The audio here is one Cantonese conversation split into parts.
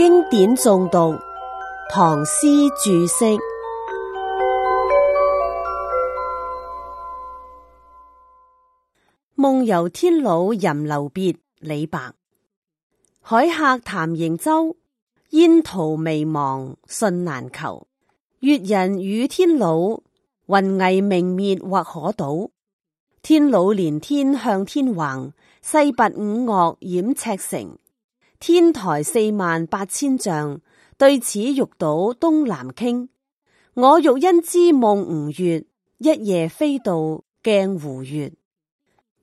經典誦讀，唐詩注釋。夢遊天姥吟留別，李白。海客談瀛洲，煙濤微茫信難求。越人語天姥，雲霓明滅或可睹。天姥連天向天橫，勢拔五岳掩赤城。天台四萬八千丈，對此欲倒東南傾。我欲因之夢吳越，一夜飛度鏡湖月。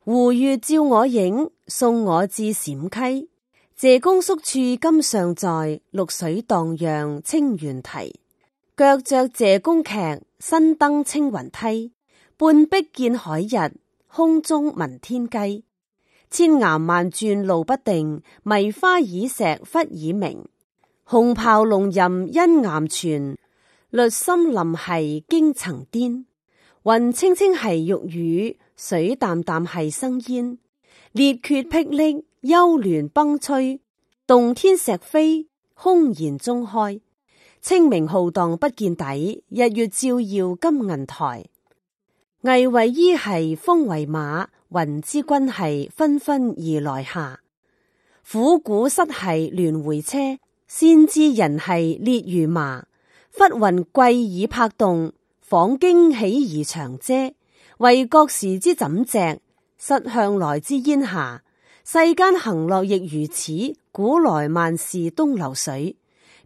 湖月照我影，送我至剡溪。謝公宿處今尚在，淥水蕩漾清猿啼。腳着謝公屐，身登青雲梯。半壁見海日，空中聞天雞。千岩萬轉路不定，迷花倚石忽已暝。紅袍龍吟殷岩泉，綠森林係驚層巔。雲青青係玉雨，水淡淡係生煙。列缺霹靂，幽巒崩摧。洞天石扉，空然中開。清明浩蕩不見底，日月照耀金銀台。魏為衣兮，風為馬，雲之君兮紛紛而來下。虎鼓失兮，鸞回車，仙之人兮列如麻。忽雲貴以拍動，仿驚起而長嗟。為國時之枕席，失向來之煙霞。世間行樂亦如此，古來萬事東流水。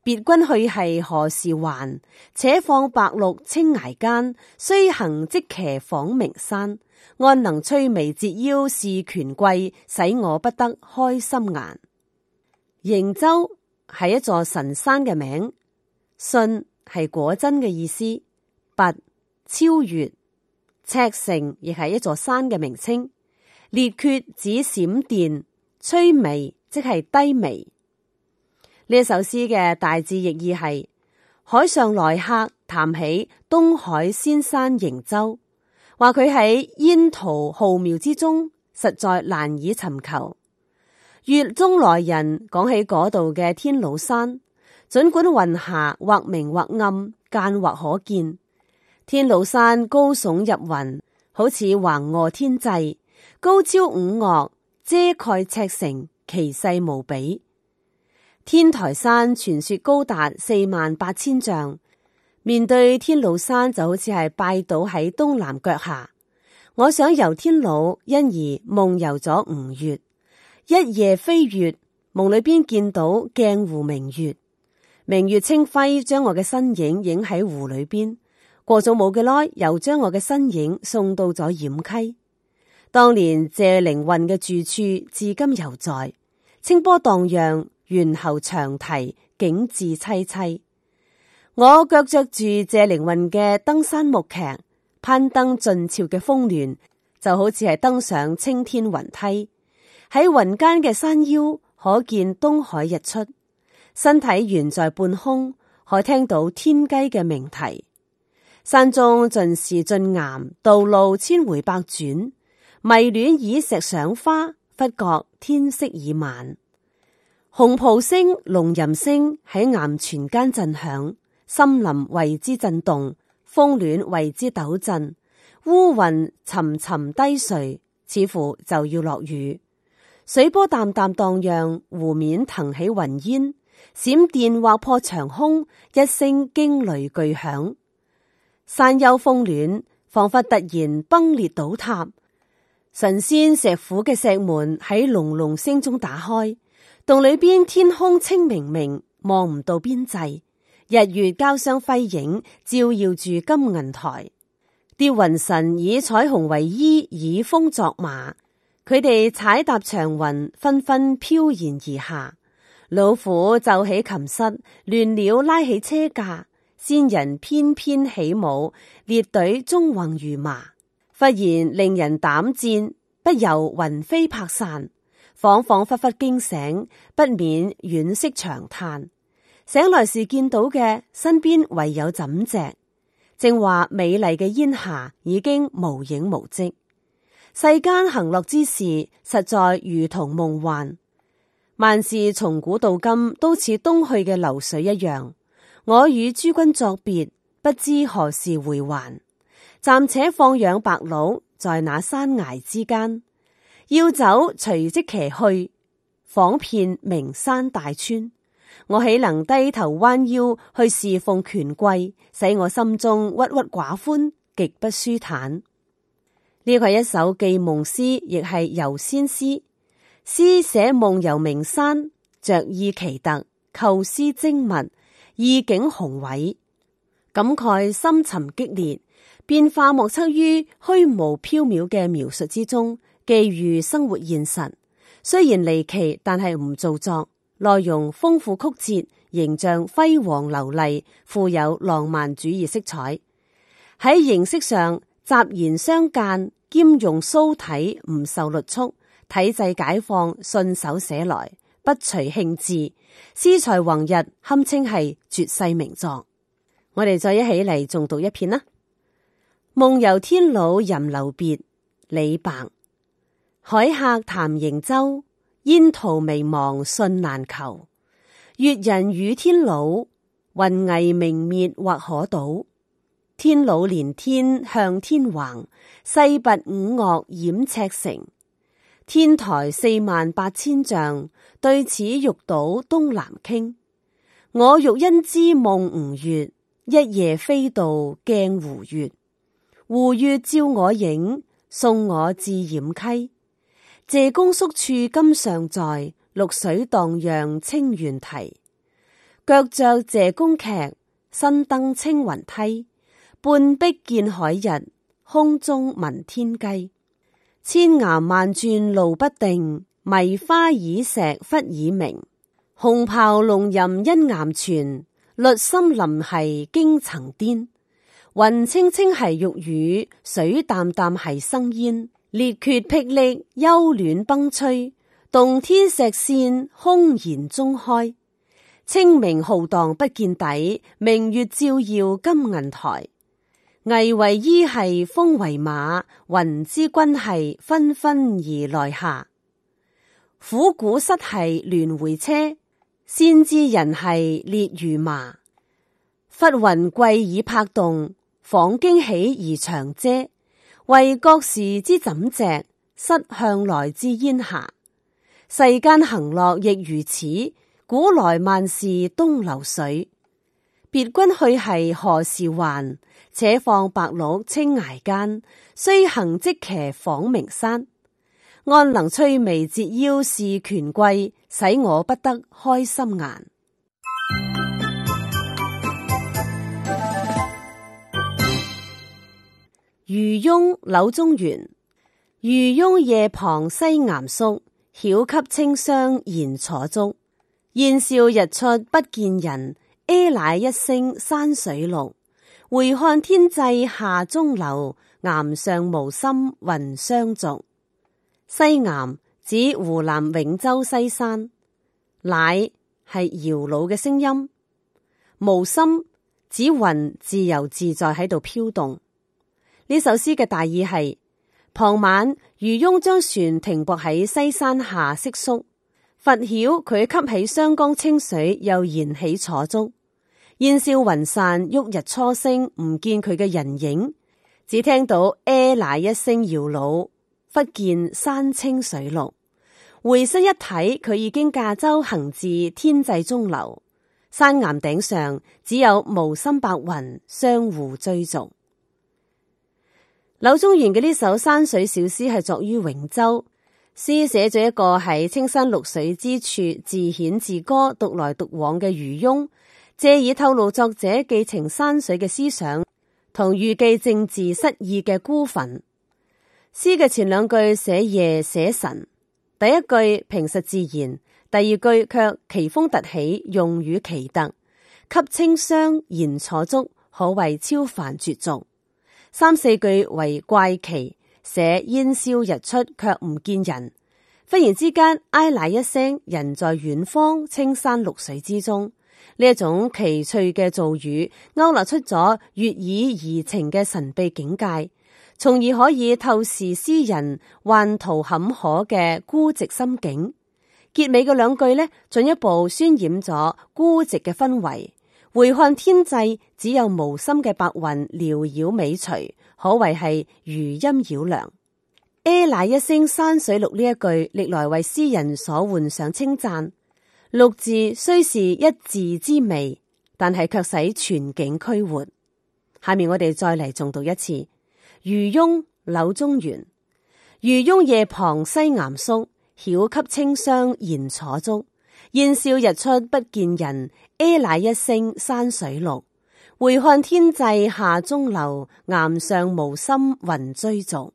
別君去系何時還？且放白鹿青崖間，須行即騎訪名山。安能摧眉折腰事權貴，使我不得開心顏？瀛洲係一座神山嘅名，信係果真嘅意思。拔超越赤城亦係一座山嘅名稱。列缺指閃電，摧眉即係低眉。呢一首詩嘅大致意義係：海上來客談起東海仙山瀛洲，話佢喺煙濤浩渺之中，實在難以尋求。月中來人講起嗰度嘅天姥山，盡管雲霞或明或暗，間或可見，天姥山高聳入雲，好似橫臥天際，高超五嶽，遮蓋赤城，其勢無比。天台山傳說高達四萬八千丈，面對天姥山就好似係拜倒喺東南腳下。我想遊天姥，因而夢遊咗吳越一夜飛越，夢裏邊見到鏡湖明月，明月清輝將我嘅身影影喺湖裏邊。過咗冇幾耐，又將我嘅身影送到咗掩溪。當年謝靈運嘅住處，至今猶在，清波蕩漾。.猿猴長啼，景致淒淒。我腳着住謝靈運嘅登山木屐，攀登晉朝嘅峰巒，就好似係登上青天雲梯。喺雲間嘅山腰，可見東海日出。身體懸在半空，可聽到天雞嘅鳴啼。山中盡是峻巖，道路千回百轉，迷戀以石賞花，忽覺天色已晚。熊咆聲、龍吟聲喺岩泉間震響，森林為之震動，峰巒為之抖震，烏雲沉沉低垂，似乎就要落雨。水波淡淡蕩漾，湖面騰起雲煙，閃電劃破長空，一聲驚雷巨響，山丘峰巒，仿佛突然崩裂倒塌。神仙石府嘅石門喺隆隆聲中打開。洞裏邊天空清明明，望唔到邊際。日月交相輝映，照耀住金銀台。啲雲神以彩虹為衣，以風作馬，佢哋踩踏長雲，紛紛飄然而下。老虎奏起琴瑟，亂鳥拉起車架，仙人翩翩起舞，列隊縱橫如麻，忽然令人膽戰，不由魂飛魄散。恍恍惚惚驚醒，不免惋惜長嘆。醒來時見到嘅身邊唯有枕席，正話美麗嘅煙霞已經無影無迹。世間行樂之事，實在如同夢幻。萬事從古到今，都似東去嘅流水一樣。我與諸君作別，不知何時回還。暫且放養白鹿在那山崖之間。要走，隨即騎去，訪遍名山大川。我豈能低頭彎腰去侍奉權貴，使我心中鬱鬱寡歡，極不舒坦？呢個係一首寄夢詩，亦係遊仙詩。詩寫夢遊名山，着意奇特，構思精密，意境雄偉，感慨深沉激烈，變化莫測於虛無縹緲嘅描述之中。寄寓生活現實，雖然離奇，但係唔做作，內容豐富曲折，形象輝煌流麗，富有浪漫主義色彩。喺形式上雜言相間，兼容騷體，唔受律束，體制解放，信手寫來，不隨興致，詩才橫溢，堪稱係絕世名作。我哋再一起嚟，仲讀一篇啦，《夢遊天姥吟留別》李白。海客談瀛洲，煙濤微茫信難求。越人語天姥，雲霓明滅或可睹。天姥連天向天橫，勢拔五嶽掩赤城。天台四萬八千丈，對此欲倒東南傾。我欲因之夢吳越，一夜飛渡鏡湖月。湖月照我影，送我至剡溪。謝公宿處今尚在，淥水蕩漾清猿啼。腳着謝公屐，身登青雲梯。半壁見海日，空中聞天雞。千岩萬轉路不定，迷花倚石忽已暝。熊咆龍吟殷岩泉，栗深林兮驚層巔。雲青青兮欲雨，水淡淡兮生煙。列缺霹靂，丘巒崩摧。洞天石扉，訇然中開。青冥浩蕩，不見底。明月照耀，金銀台。霓為衣兮風為馬，雲之君兮紛紛而來下。虎鼓瑟兮鸞回車，仙之人兮列如麻。忽魂悸以魄動，恍驚起而長嗟。為國事之枕席，失向來之煙霞。世間行樂亦如此，古來萬事東流水。別君去兮何時還？且放白鹿青崖間，須行即騎訪名山。安能摧眉折腰事權貴，使我不得開心顏？漁翁柳宗元，漁翁夜傍西巖宿，曉汲清湘燃楚竹。煙消日出不見人，欸乃一聲山水綠。回看天際下中流，巖上無心雲相逐。西巖指湖南永州西山，乃係搖櫓嘅聲音。無心指雲自由自在喺度飄動。呢首詩嘅大意係：傍晚漁翁將船停泊喺西山下息宿，拂曉佢吸起湘江清水，又燃起楚竹。煙消雲散，旭日初升，唔見佢嘅人影，只聽到欸乃一聲搖櫓，忽見山清水綠，回身一睇，佢已經駕舟行至天際中流，山岩頂上只有無心白雲相互追逐。柳宗元嘅呢首山水小詩係作於永州，詩寫咗一個喺青山綠水之處自遣自歌獨來獨往嘅漁翁，借以透露作者寄情山水嘅思想同預計政治失意嘅孤憤。詩嘅前兩句寫夜寫神，第一句平實自然，第二句卻奇峰突起，用語奇特，汲清湘，燃楚竹，可謂超凡絕俗。三四句為怪奇，寫煙消日出卻唔見人，忽然之間，欸乃一聲，人在遠方青山綠水之中。呢一種奇趣嘅造語勾勒出咗悦耳怡情嘅神秘境界，從而可以透視詩人宦途坎坷嘅孤寂心境。結尾嘅兩句咧，進一步渲染咗孤寂嘅氛圍。回看天際，只有無心嘅白雲繚繞尾隨，可謂係餘音繞梁。阿乃、欸、一聲山水綠呢一句，歷來為詩人所換上稱讚。六字雖是一字之微，但係却使全景區活。下面我哋再嚟重讀一次：漁翁柳宗元，漁翁夜傍西岩宿，曉汲清湘燃楚竹。燕笑日出不見人，欸乃一聲山水綠。回看天際下中流，岩上無心雲追逐。